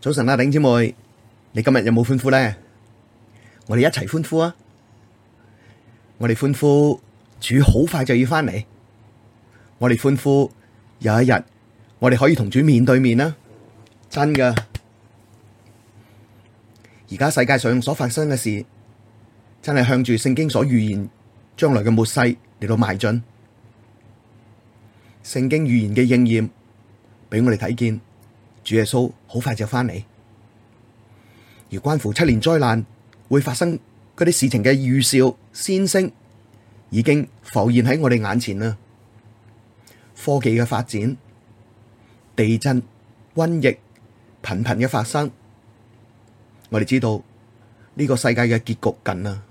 早晨啦，頂姐妹，你今日有冇歡呼咧？我哋一齊歡呼啊！我哋歡呼，主好快就要返嚟。我哋歡呼，有一日我哋可以同主面對面啦！真㗎，而家世界上所發生嘅事，真係向住聖經所預言將來嘅末世嚟到邁進。聖經預言嘅應驗，俾我哋睇見。主耶穌好快就翻嚟，而關乎七年災難會發生嗰啲事情嘅預兆先聲已經浮現喺我哋眼前啦。科技嘅發展、地震、瘟疫頻頻嘅發生，我哋知道呢個世界嘅結局近啦。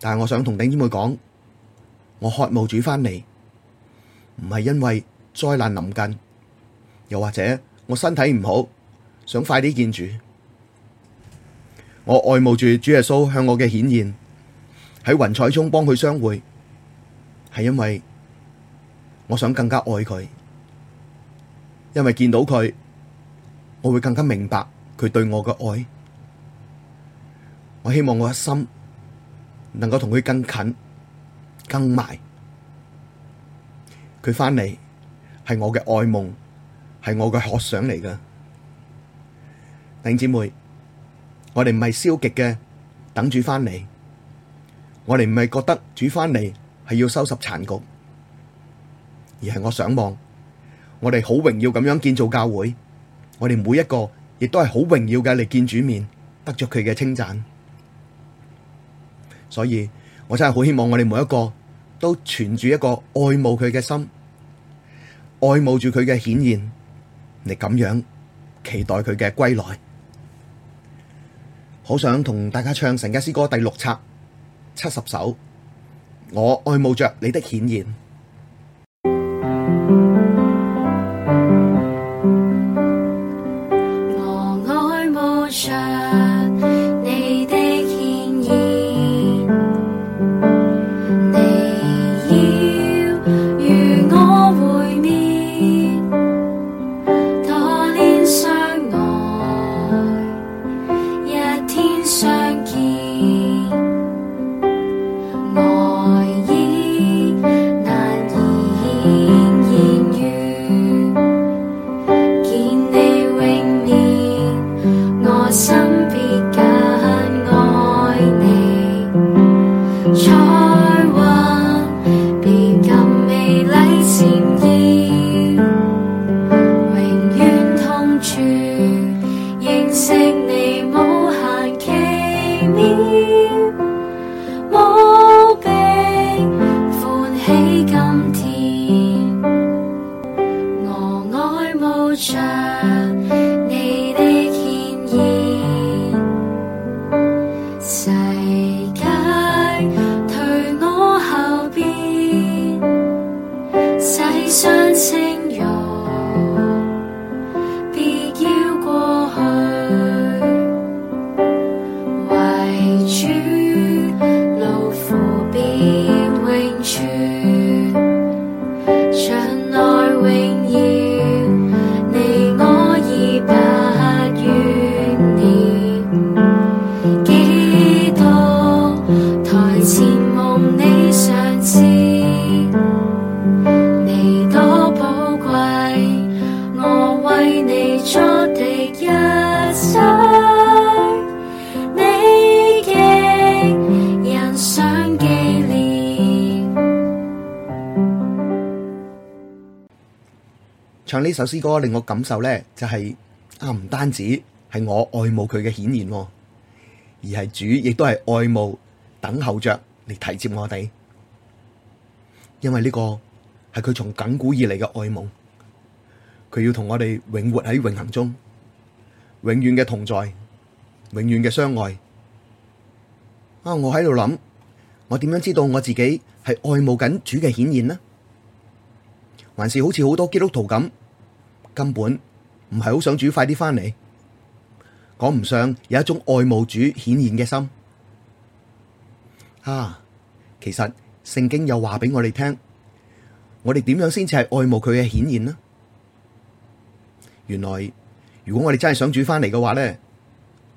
但係我想同弟兄們講，我渴慕主翻嚟，唔係因為災難臨近。又或者我身體唔好，想快啲見主。我愛慕住主耶穌向我嘅顯現，喺雲彩中幫佢相會係因為我想更加愛佢，因為見到佢，我會更加明白佢對我嘅愛。我希望我嘅心能夠同佢更近、更埋。佢翻嚟係我嘅愛夢。係我嘅學想嚟㗎，弟兄姊妹，我哋唔係消極嘅，等住翻嚟，我哋唔係覺得主翻嚟係要收拾殘局，而係我想望，我哋好榮耀咁樣建造教會，我哋每一個亦都係好榮耀嘅嚟見主面，得咗佢嘅稱讚，所以我真係好希望我哋每一個都存住一個愛慕佢嘅心，愛慕住佢嘅顯現。你咁樣期待佢嘅歸來，好想同大家唱《神家詩歌》第六冊七十首，我愛慕着你的顯現。為祢作的一切，祢極欣賞記念。唱呢首詩歌令我感受呢、就是，就係啊，唔單止係我愛慕佢嘅顯現，而係主亦都係愛慕，等候着嚟提接我哋。因為呢個係佢從亙古以嚟嘅愛慕。佢要同我哋永活喺永恆中，永遠嘅同在，永遠嘅相愛啊！我喺度諗，我點樣知道我自己係愛慕緊主嘅顯現呢？還是好似好多基督徒咁，根本唔係好想主快啲翻嚟，講唔上有一種愛慕主顯現嘅心啊。其實聖經又話俾我哋聽，我哋點樣先至係愛慕佢嘅顯現呢？原來如果我哋真係想轉翻嚟嘅話咧，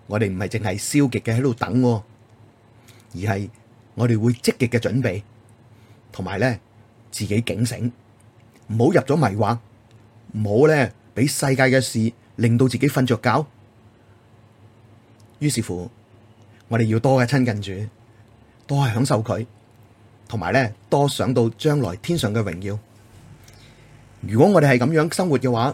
我哋唔係淨係消極嘅喺度等啊，而係我哋會積極嘅準備，同埋咧自己警醒，唔好入咗迷惑，唔好咧俾世界嘅事令到自己瞓着覺。於是乎，我哋要多嘅親近主，多係享受佢，同埋咧多想到將來天上嘅榮耀。如果我哋係咁樣生活嘅話，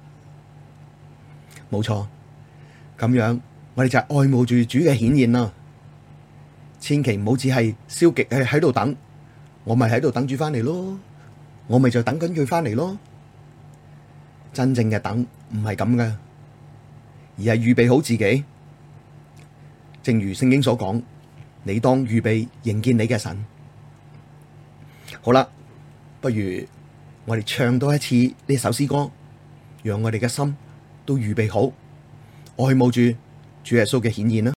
冇錯，咁樣我哋就愛慕住主嘅顯現啦。千祈唔好只係消極喺喺度等，我咪喺度等住翻嚟咯，我咪就等緊佢翻嚟咯。真正嘅等唔係咁嘅，而係預備好自己。正如聖經所講，你當預備迎見你嘅神。好啦，不如我哋唱多一次呢首詩歌，讓我哋嘅心。都預備好，愛慕住主耶穌嘅顯現啦。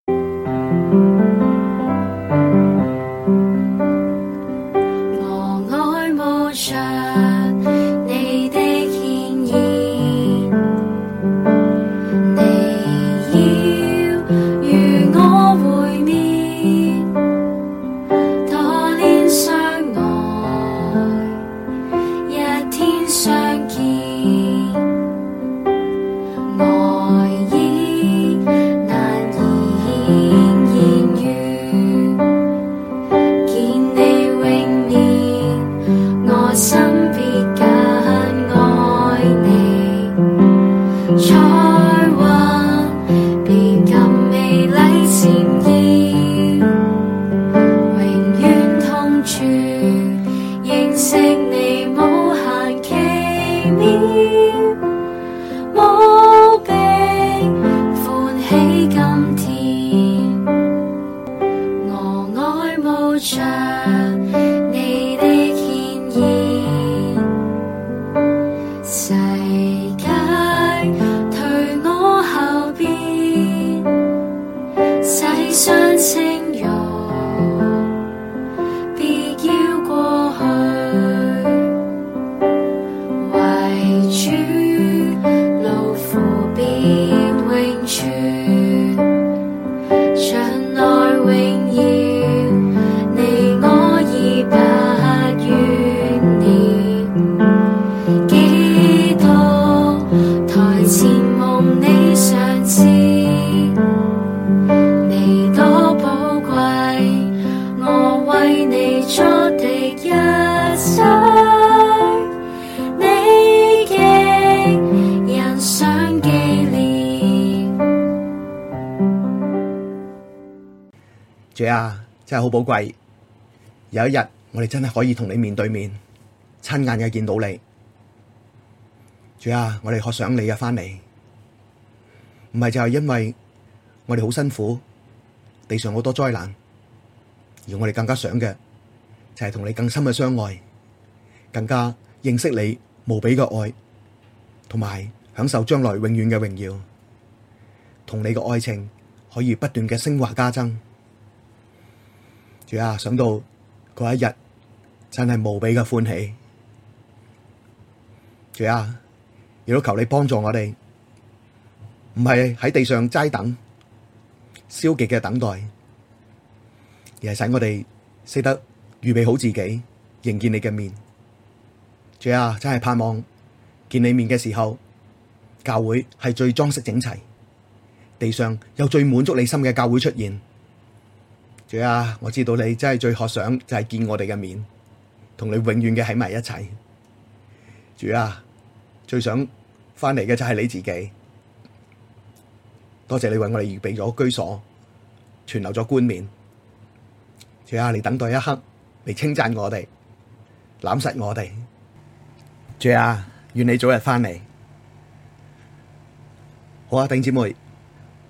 寶貴有一日，我哋真係可以同你面對面，親眼嘅見到你。主啊，我哋渴想你啊，翻嚟。唔係就係因為我哋好辛苦，地上好多災難，而我哋更加想嘅就係同你更深嘅相愛，更加認識你無比嘅愛，同埋享受將來永遠嘅榮耀，同你嘅愛情可以不斷嘅升華加增。主啊，想到嗰一日真係無比嘅歡喜，主啊，亦都求你幫助我哋，唔係喺地上齋等消極嘅等待，而係使我哋識得預備好自己，迎見你嘅面。主啊，真係盼望見你面嘅時候，教會係最裝飾整齊，地上有最滿足你心嘅教會出現。主啊，我知道你真係最渴想就係見我哋嘅面，同你永遠嘅喺埋一齊。主啊，最想翻嚟嘅就係你自己。多謝你為我哋預備咗居所，存留咗冠冕。主啊，你等待一刻嚟稱讚我哋，攬實我哋。主啊，願你早日翻嚟。好啊，丁姐妹，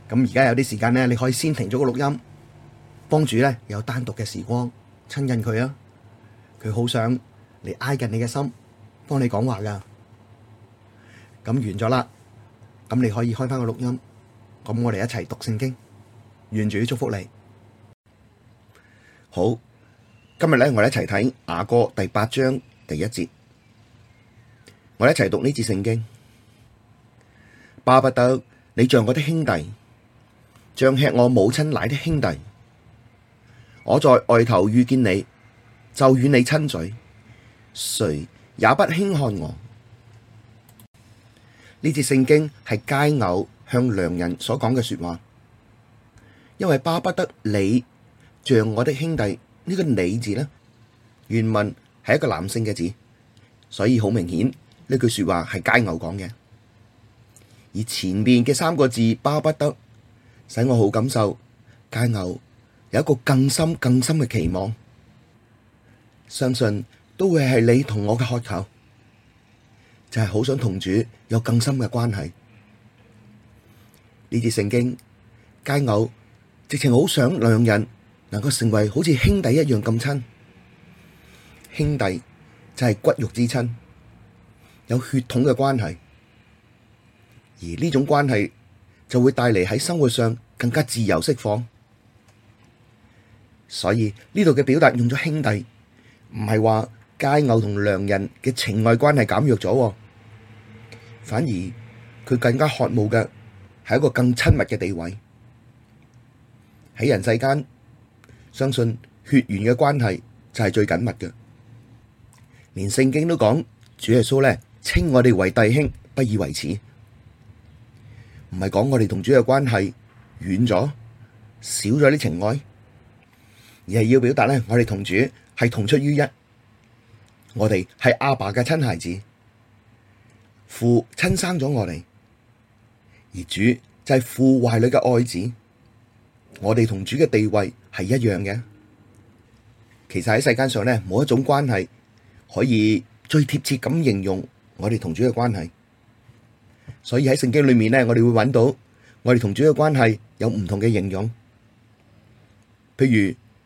咁而家有啲時間呢，你可以先停咗個錄音。幫主咧有單獨嘅時光親近佢啊，佢好想嚟，挨近你嘅心，幫你講話噶。咁完咗啦，咁你可以開翻個錄音，咁我哋一齊讀聖經，願主祝福你。好，今日咧我哋一齊睇雅歌第八章第一節，我哋一齊讀呢節聖經。巴不得你像我的兄弟，像吃我母親奶的兄弟。我在外頭遇見你，就與你親嘴，誰也不輕看我。呢節聖經係佳偶向良人所講嘅說話，因為巴不得你像我的兄弟。呢、這個你字呢，原文係一個男性嘅字，所以好明顯呢句說話係佳偶講嘅。而前面嘅三個字巴不得，使我好感受佳偶。有一個更深、更深嘅期望，相信都會係你同我嘅渴求，就係、是、好想同主有更深嘅關係。呢哋聖經佳偶直情好想良人能夠成為好似兄弟一樣咁親。兄弟就係骨肉之親，有血統嘅關係，而呢種關係就會帶嚟喺生活上更加自由釋放。所以呢度嘅表達用咗兄弟，唔係話佳偶同良人嘅情愛關係減弱咗，反而佢更加渴慕嘅係一個更親密嘅地位。喺人世間，相信血緣嘅關係就係最緊密嘅。連聖經都講，主耶穌咧稱我哋為弟兄，不以為恥，唔係講我哋同主嘅關係遠咗、少咗啲情愛。而係要表達咧，我哋同主係同出於一，我哋係阿爸嘅親孩子，父親生咗我哋，而主就係父懷裏嘅愛子，我哋同主嘅地位係一樣嘅。其實喺世界上咧，冇一種關係可以最貼切咁形容我哋同主嘅關係。所以喺聖經裏面咧，我哋會揾到我哋同主嘅關係有唔同嘅形容，譬如。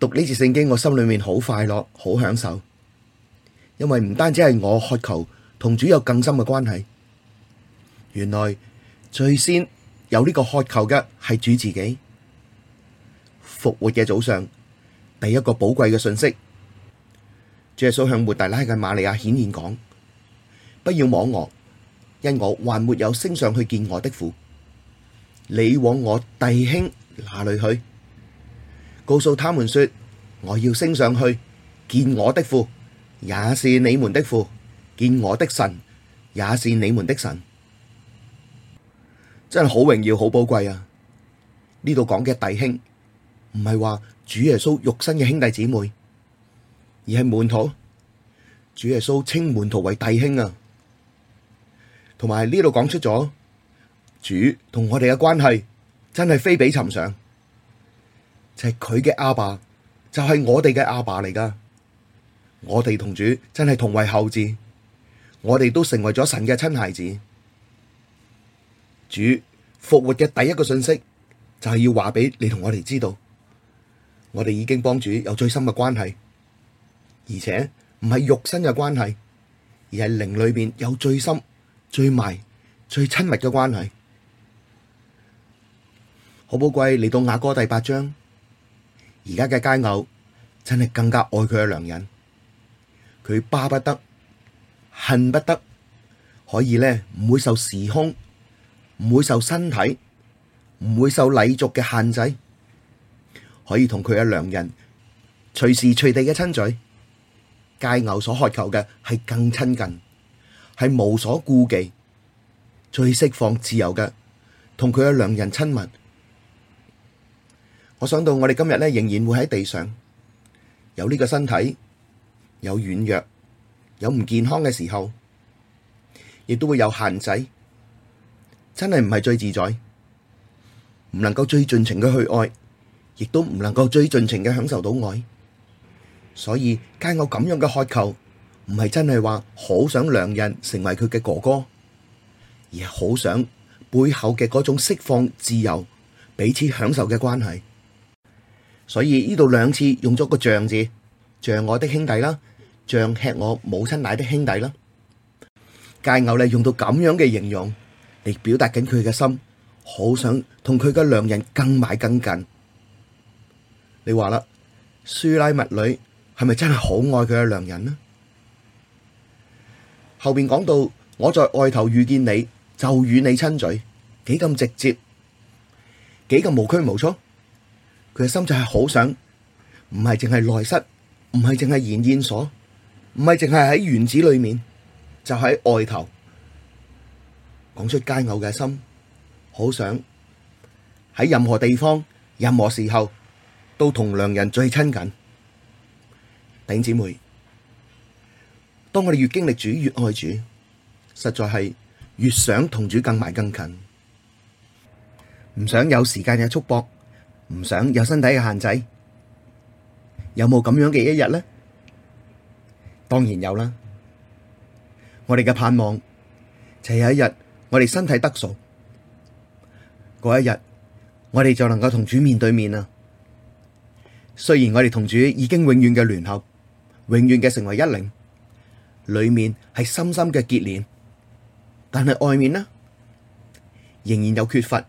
讀呢節聖經，我心裏面好快樂，好享受，因為唔單止係我渴求同主有更深嘅關係，原來最先有呢個渴求嘅係主自己。復活嘅早上，第一個寶貴嘅信息，耶穌向抹大拉嘅瑪利亞顯現講：不要摸我，因我還沒有升上去見我的父。你往我弟兄那裏去。告訴他們說，我要升上去見我的父，也是你們的父；見我的神，也是你們的神。真係好榮耀、好寶貴啊！呢度講嘅弟兄，唔係話主耶穌肉身嘅兄弟姊妹，而係門徒。主耶穌稱門徒為弟兄啊！同埋呢度講出咗主同我哋嘅關係，真係非比尋常。就係佢嘅阿爸，就係、是、我哋嘅阿爸嚟㗎。我哋同主真係同為後子，我哋都成為咗神嘅親孩子。主復活嘅第一個信息就係、是、要話俾你同我哋知道，我哋已經幫主有最深嘅關係，而且唔係肉身嘅關係，而係靈裏邊有最深、最埋、最親密嘅關係。好寶貴，嚟到雅歌第八章。而家嘅佳偶真係更加愛佢嘅良人，佢巴不得、恨不得可以咧唔會受時空、唔會受身體、唔會受禮俗嘅限制，可以同佢嘅良人隨時隨地嘅親嘴。佳偶所渴求嘅係更親近，係無所顧忌，最釋放自由嘅，同佢嘅良人親密。我想到我哋今日咧仍然會喺地上有呢個身體，有軟弱，有唔健康嘅時候，亦都會有限制。真係唔係最自在，唔能夠最盡情嘅去愛，亦都唔能夠最盡情嘅享受到愛。所以，皆我咁樣嘅渴求，唔係真係話好想良人成為佢嘅哥哥，而係好想背後嘅嗰種釋放自由、彼此享受嘅關係。所以呢度兩次用咗個像字，像我的兄弟啦，像吃我母親奶的兄弟啦。介牛咧用到咁樣嘅形容嚟，表達緊佢嘅心，好想同佢嘅良人更埋更近。你話啦，書拉密女係咪真係好愛佢嘅良人呢？後邊講到我在外頭遇見你就與你親嘴，幾咁直接，幾咁無拘無束。佢嘅心就係好想，唔係淨係內室，唔係淨係筵宴所，唔係淨係喺園子裏面，就喺、是、外頭講出佳偶嘅心，好想喺任何地方、任何時候都同良人最親近。頂姐妹，當我哋越經歷主，越愛主，實在係越想同主更埋更近，唔想有時間嘅束縛。唔想有身體嘅限制，有冇咁樣嘅一日呢？當然有啦！我哋嘅盼望就有一日，我哋身體得數，嗰一日我哋就能夠同主面對面啦。雖然我哋同主已經永遠嘅聯合，永遠嘅成為一靈，裏面係深深嘅結連，但係外面呢，仍然有缺乏。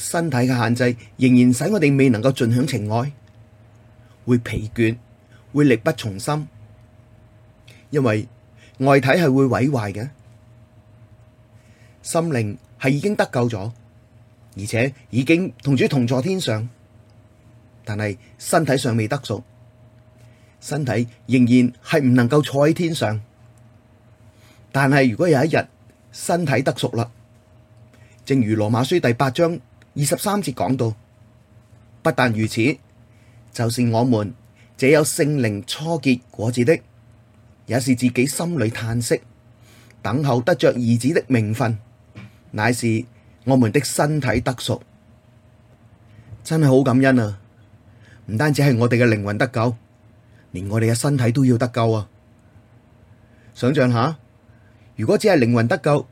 身體嘅限制仍然使我哋未能夠盡享情愛，會疲倦，會力不從心，因為外體係會毀壞嘅。心靈係已經得救咗，而且已經同主同坐天上，但係身體尚未得贖，身體仍然係唔能夠坐喺天上。但係如果有一日身體得贖啦，正如羅馬書第八章。二十三節講到，不但如此，就是我們這有聖靈初結果子的，也是自己心裡嘆息，等候得着兒子的名分，乃是我們的身體得贖。真係好感恩啊！唔單止係我哋嘅靈魂得救，連我哋嘅身體都要得救啊！想象下，如果只係靈魂得救，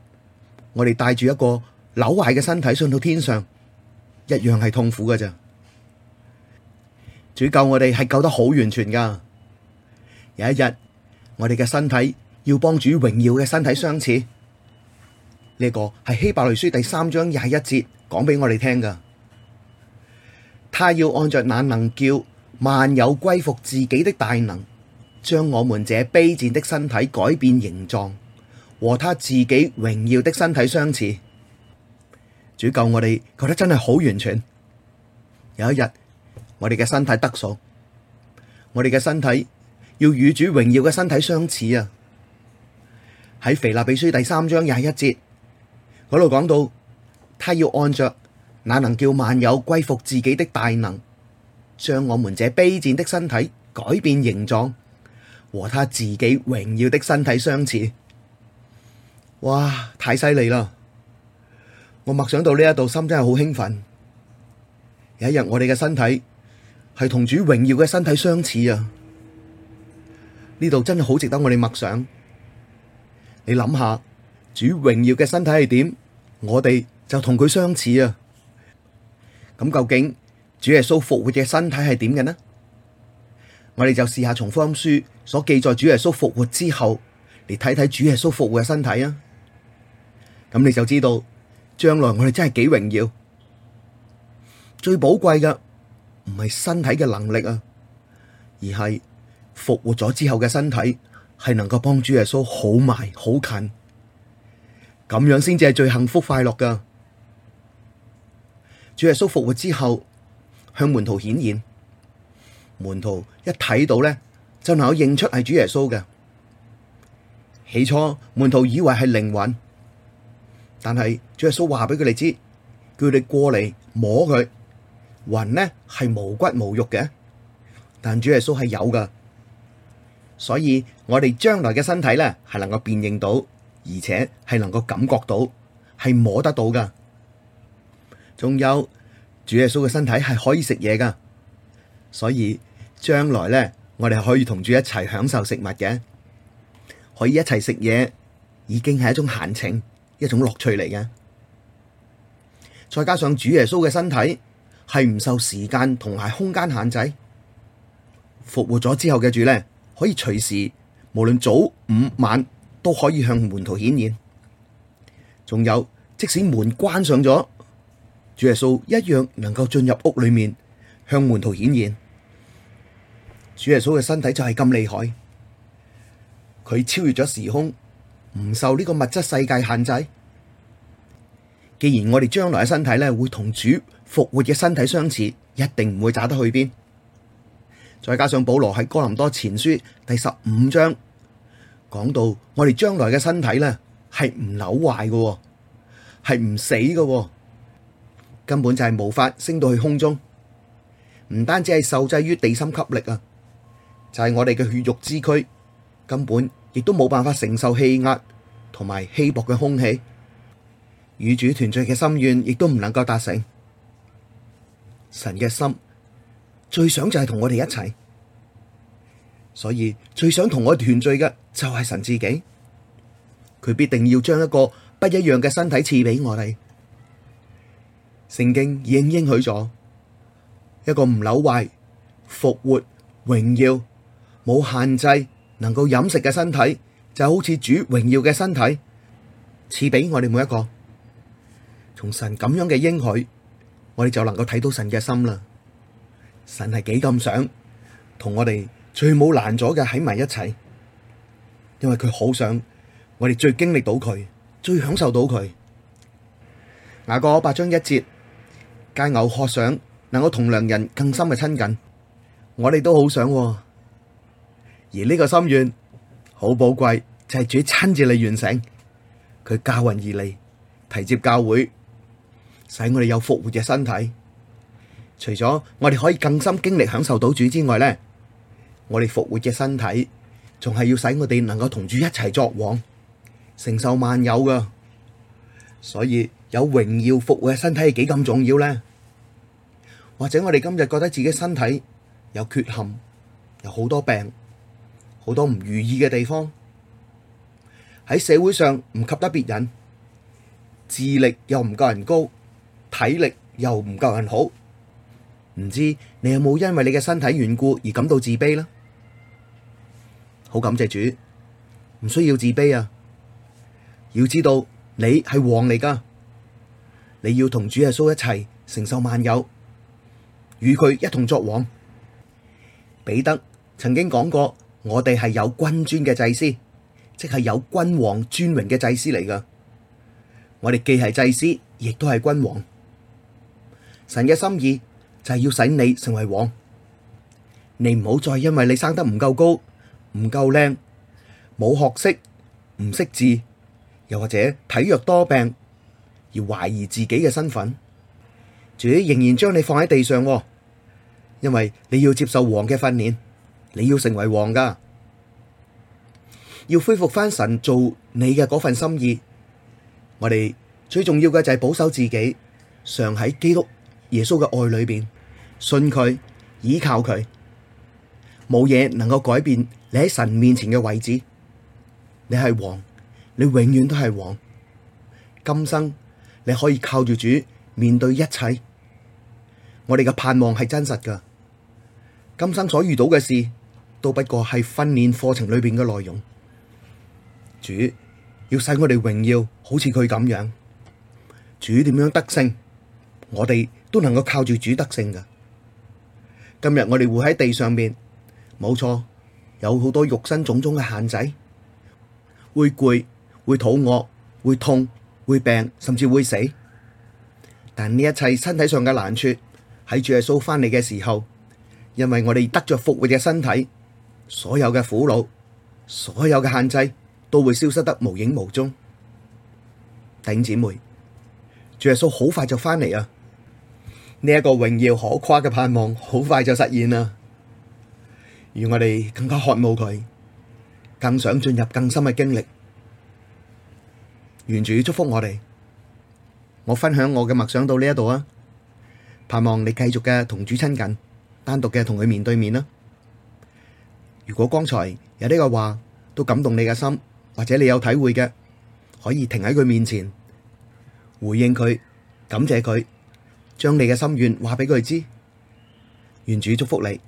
我哋帶住一個扭壞嘅身體，上到天上。一樣係痛苦嘅咋，主救我哋係救得好完全噶。有一日，我哋嘅身體要幫主榮耀嘅身體相似，呢個係希伯來書第三章廿一節講俾我哋聽噶。他要按着那能叫萬有歸服自己的大能，將我們這卑賤的身體改變形狀，和他自己榮耀的身體相似。主救我哋，覺得真係好完全。有一日，我哋嘅身體得贖，我哋嘅身體要與主榮耀嘅身體相似啊！喺腓立比書第三章又廿一節嗰度講到，他要按着那能叫萬有歸服自己的大能，將我們這卑賤的身體改變形狀，和他自己榮耀的身體相似。哇！太犀利啦！我默想到呢一度，心真係好興奮。有一日，我哋嘅身體係同主榮耀嘅身體相似啊！呢度真係好值得我哋默想。你諗下，主榮耀嘅身體係點？我哋就同佢相似啊！咁究竟主耶穌復活嘅身體係點嘅呢？我哋就試下從福音書所記載主耶穌復活之後，嚟睇睇主耶穌復活嘅身體啊！咁你就知道。將來我哋真係幾榮耀，最寶貴嘅唔係身體嘅能力啊，而係復活咗之後嘅身體係能夠幫主耶穌好埋好近，咁樣先至係最幸福快樂㗎。主耶穌復活之後向門徒顯現，門徒一睇到咧就能夠認出係主耶穌嘅。起初門徒以為係靈魂。但係主耶穌話俾佢哋知，叫佢哋過嚟摸佢，魂咧係無骨無肉嘅，但主耶穌係有噶，所以我哋將來嘅身體咧係能夠辨認到，而且係能夠感覺到，係摸得到噶。仲有主耶穌嘅身體係可以食嘢噶，所以將來咧我哋可以同主一齊享受食物嘅，可以一齊食嘢，已經係一種閒情，一種樂趣嚟嘅，再加上主耶穌嘅身體係唔受時間同埋空間限制，復活咗之後嘅主呢，可以隨時無論，無論早午晚都可以向門徒顯現。仲有，即使門關上咗，主耶穌一樣能夠進入屋裏面，向門徒顯現。主耶穌嘅身體就係咁厲害，佢超越咗時空。唔受呢個物質世界限制。既然我哋將來嘅身體咧，會同主復活嘅身體相似，一定唔會差得去邊。再加上保羅喺哥林多前書第十五章講到，我哋將來嘅身體咧係唔扭壞嘅，係唔死嘅，根本就係無法升到去空中。唔單止係受制於地心吸力啊，就係我哋嘅血肉之軀根本。亦都冇辦法承受氣壓同埋稀薄嘅空氣，與主團聚嘅心願亦都唔能夠達成。神嘅心最想就係同我哋一齊，所以最想同我哋團聚嘅就係神自己。佢必定要將一個不一樣嘅身體賜俾我哋。聖經已經應許咗一個唔朽壞、復活、榮耀、冇限制。能夠飲食嘅身體，就是、好似主榮耀嘅身體賜俾我哋每一個。從神咁樣嘅應許，我哋就能夠睇到神嘅心啦。神係幾咁想同我哋最冇攔阻嘅喺埋一齊，因為佢好想我哋最經歷到佢，最享受到佢。嗱，雅歌八章一節，佳偶渴想能夠同良人更深嘅親近，我哋都好想、哦。而呢個心願好寶貴，就係、是、主親自嚟完成。佢駕雲而嚟，提接教會，使我哋有復活嘅身體。除咗我哋可以更深經歷享受到主之外咧，我哋復活嘅身體仲係要使我哋能夠同主一齊作王，承受萬有噶。所以有榮耀復活嘅身體係幾咁重要咧？或者我哋今日覺得自己身體有缺陷，有好多病。好多唔如意嘅地方，喺社會上唔及得別人，智力又唔夠人高，體力又唔夠人好。唔知你有冇因為你嘅身體緣故而感到自卑呢？好感謝主，唔需要自卑啊！要知道你係王嚟噶，你要同主耶穌一齊承受萬有，與佢一同作王。彼得曾經講過。我哋係有君尊嘅祭司，即係有君王尊榮嘅祭司嚟噶。我哋既係祭司，亦都係君王。神嘅心意就係要使你成為王。你唔好再因為你生得唔夠高、唔夠靚、冇學識、唔識字，又或者體弱多病而懷疑自己嘅身份。主仍然將你放喺地上，因為你要接受王嘅訓練。你要成為王噶，要恢復翻神做你嘅嗰份心意。我哋最重要嘅就係保守自己，常喺基督耶穌嘅愛裏邊，信佢，依靠佢，冇嘢，能夠改變你喺神面前嘅位置。你係王，你永遠都係王。今生你可以靠住主面對一切。我哋嘅盼望係真實噶，今生所遇到嘅事。都不過係訓練課程裏邊嘅內容，主要使我哋榮耀，好似佢咁樣，主點樣得勝，我哋都能夠靠住主得勝㗎。今日我哋活喺地上面，冇錯，有好多肉身種種嘅限制，會攰、會肚餓、會痛、會病，甚至會死。但呢一切身體上嘅難處，喺主耶穌翻嚟嘅時候，因為我哋得着復活嘅身體。所有嘅苦惱，所有嘅限制，都會消失得無影無蹤。弟姐妹，主耶穌好快就翻嚟啊！呢、這、一個榮耀可誇嘅盼望，好快就實現啦！而我哋更加渴慕佢，更想進入更深嘅經歷。願主祝福我哋。我分享我嘅默想到呢一度啊！盼望你繼續嘅同主親近，單獨嘅同佢面對面啦。如果剛才有呢個話都感動你嘅心，或者你有體會嘅，可以停喺佢面前回應佢，感謝佢，將你嘅心願話畀佢知，願主祝福你。